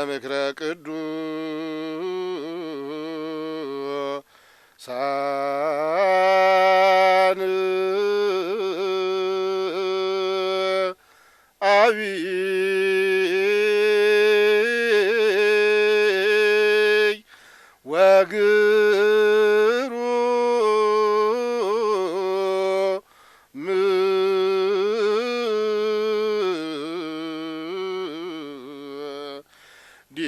ዘምክረ ቅዱሳን አብይ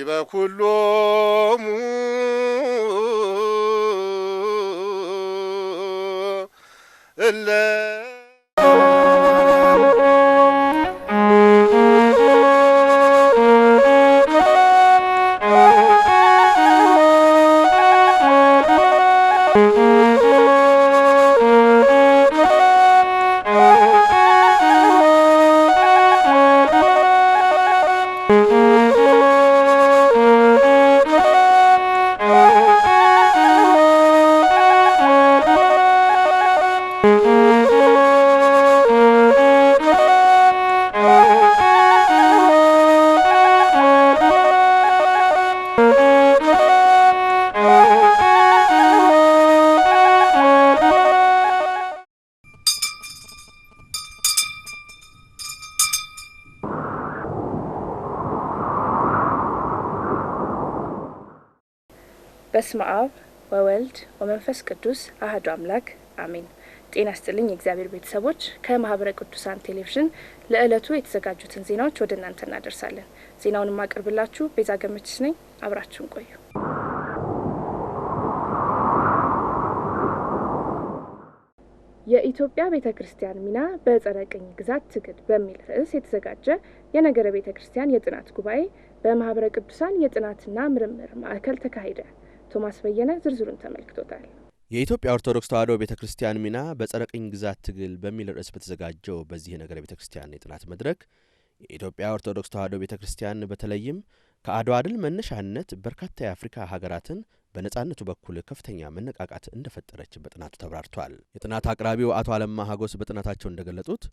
በኩሎሙ እለ በስመ አብ ወወልድ ወመንፈስ ቅዱስ አህዱ አምላክ አሜን። ጤና ስጥልኝ የእግዚአብሔር ቤተሰቦች፣ ከማህበረ ቅዱሳን ቴሌቪዥን ለዕለቱ የተዘጋጁትን ዜናዎች ወደ እናንተ እናደርሳለን። ዜናውን የማቀርብላችሁ ቤዛ ገመችስ ነኝ። አብራችሁን ቆዩ። የኢትዮጵያ ቤተ ክርስቲያን ሚና በጸረ ቅኝ ግዛት ትግል በሚል ርዕስ የተዘጋጀ የነገረ ቤተ ክርስቲያን የጥናት ጉባኤ በማህበረ ቅዱሳን የጥናትና ምርምር ማዕከል ተካሂደ። ቶማስ በየነ ዝርዝሩን ተመልክቶታል። የኢትዮጵያ ኦርቶዶክስ ተዋሕዶ ቤተ ክርስቲያን ሚና በጸረ ቅኝ ግዛት ትግል በሚል ርዕስ በተዘጋጀው በዚህ ነገር ቤተ ክርስቲያን የጥናት መድረክ የኢትዮጵያ ኦርቶዶክስ ተዋሕዶ ቤተ ክርስቲያን በተለይም ከአድዋ ድል መነሻነት በርካታ የአፍሪካ ሀገራትን በነጻነቱ በኩል ከፍተኛ መነቃቃት እንደፈጠረች በጥናቱ ተብራርቷል። የጥናት አቅራቢው አቶ አለማ ሀጎስ በጥናታቸው እንደገለጹት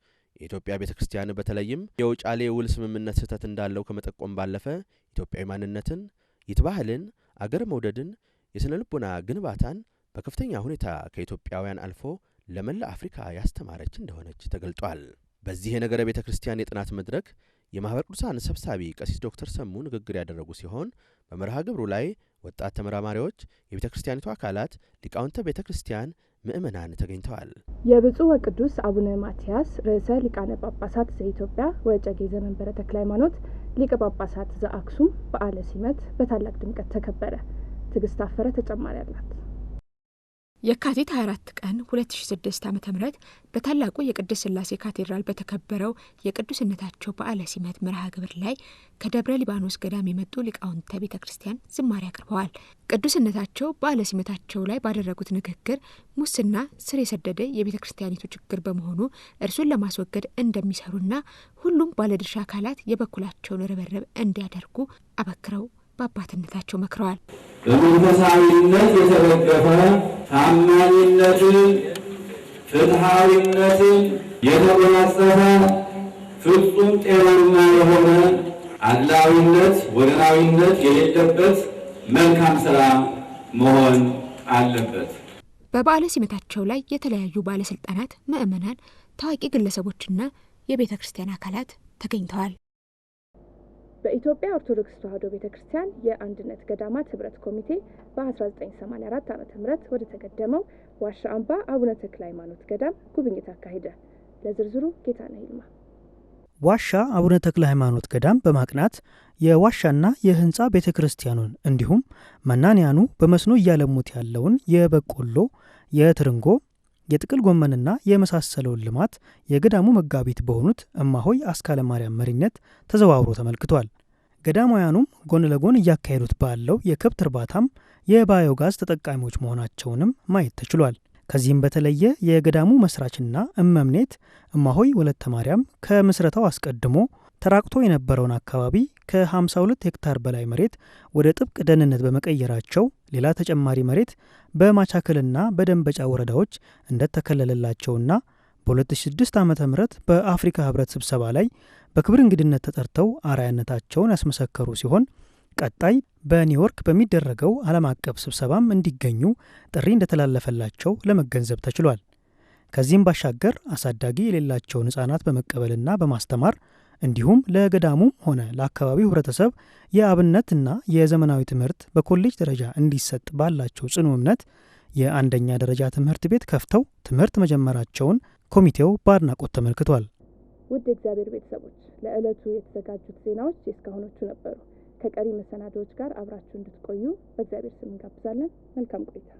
የኢትዮጵያ ቤተ ክርስቲያን በተለይም የውጫሌ ውል ስምምነት ስህተት እንዳለው ከመጠቆም ባለፈ ኢትዮጵያዊ ማንነትን፣ ይትባህልን፣ አገር መውደድን የሥነ ልቦና ግንባታን በከፍተኛ ሁኔታ ከኢትዮጵያውያን አልፎ ለመላ አፍሪካ ያስተማረች እንደሆነች ተገልጧል። በዚህ የነገረ ቤተ ክርስቲያን የጥናት መድረክ የማኅበረ ቅዱሳን ሰብሳቢ ቀሲስ ዶክተር ሰሙ ንግግር ያደረጉ ሲሆን በመርሃ ግብሩ ላይ ወጣት ተመራማሪዎች፣ የቤተ ክርስቲያኒቱ አካላት፣ ሊቃውንተ ቤተ ክርስቲያን፣ ምእመናን ተገኝተዋል። የብፁዕ ወቅዱስ አቡነ ማትያስ ርዕሰ ሊቃነ ጳጳሳት ዘኢትዮጵያ ወእጨጌ ዘመንበረ ተክለ ሃይማኖት ሊቀ ጳጳሳት ዘአክሱም በዓለ ሲመት በታላቅ ድምቀት ተከበረ። ትዕግስት አፈረ ተጨማሪ አላት። የካቲት 24 ቀን 2006 ዓ ም በታላቁ የቅዱስ ስላሴ ካቴድራል በተከበረው የቅዱስነታቸው በዓለ ሲመት መርሃ ግብር ላይ ከደብረ ሊባኖስ ገዳም የመጡ ሊቃውንተ ቤተ ክርስቲያን ዝማሬ አቅርበዋል። ቅዱስነታቸው በዓለ ሲመታቸው ላይ ባደረጉት ንግግር ሙስና ስር የሰደደ የቤተ ክርስቲያኒቱ ችግር በመሆኑ እርሱን ለማስወገድ እንደሚሰሩና ሁሉም ባለድርሻ አካላት የበኩላቸውን ርብርብ እንዲያደርጉ አበክረው በአባትነታቸው መክረዋል። በመንፈሳዊነት የተደገፈ ታማኝነትን፣ ፍትሐዊነትን የተጎናጸፈ ፍጹም ጤናማ የሆነ አድላዊነት፣ ወገናዊነት የሌለበት መልካም ስራ መሆን አለበት። በበዓለ ሲመታቸው ላይ የተለያዩ ባለስልጣናት፣ ምዕመናን፣ ታዋቂ ግለሰቦችና የቤተ ክርስቲያን አካላት ተገኝተዋል። በኢትዮጵያ ኦርቶዶክስ ተዋሕዶ ቤተ ክርስቲያን የአንድነት ገዳማት ህብረት ኮሚቴ በ1984 ዓ ም ወደ ተገደመው ዋሻ አምባ አቡነ ተክለ ሃይማኖት ገዳም ጉብኝት አካሄደ። ለዝርዝሩ ጌታ ይልማ። ዋሻ አቡነ ተክለ ሃይማኖት ገዳም በማቅናት የዋሻና የህንፃ ቤተ ክርስቲያኑን እንዲሁም መናንያኑ በመስኖ እያለሙት ያለውን የበቆሎ፣ የትርንጎ የጥቅል ጎመንና የመሳሰለውን ልማት የገዳሙ መጋቢት በሆኑት እማሆይ አስካለ ማርያም መሪነት ተዘዋውሮ ተመልክቷል። ገዳማውያኑም ጎን ለጎን እያካሄዱት ባለው የከብት እርባታም የባዮጋዝ ተጠቃሚዎች መሆናቸውንም ማየት ተችሏል። ከዚህም በተለየ የገዳሙ መስራችና እመምኔት እማሆይ ወለተ ማርያም ከምስረታው አስቀድሞ ተራቅቶ የነበረውን አካባቢ ከ52 ሄክታር በላይ መሬት ወደ ጥብቅ ደህንነት በመቀየራቸው ሌላ ተጨማሪ መሬት በማቻከልና በደንበጫ ወረዳዎች እንደተከለለላቸውና በ2006 ዓ ም በአፍሪካ ህብረት ስብሰባ ላይ በክብር እንግድነት ተጠርተው አርአያነታቸውን ያስመሰከሩ ሲሆን ቀጣይ በኒውዮርክ በሚደረገው ዓለም አቀፍ ስብሰባም እንዲገኙ ጥሪ እንደተላለፈላቸው ለመገንዘብ ተችሏል። ከዚህም ባሻገር አሳዳጊ የሌላቸውን ሕፃናት በመቀበልና በማስተማር እንዲሁም ለገዳሙም ሆነ ለአካባቢው ህብረተሰብ የአብነትና የዘመናዊ ትምህርት በኮሌጅ ደረጃ እንዲሰጥ ባላቸው ጽኑ እምነት የአንደኛ ደረጃ ትምህርት ቤት ከፍተው ትምህርት መጀመራቸውን ኮሚቴው በአድናቆት ተመልክቷል። ውድ የእግዚአብሔር ቤተሰቦች ለዕለቱ የተዘጋጁት ዜናዎች የእስካሁኖቹ ነበሩ። ከቀሪ መሰናዶዎች ጋር አብራችሁ እንድትቆዩ በእግዚአብሔር ስም እንጋብዛለን። መልካም ቆይታ።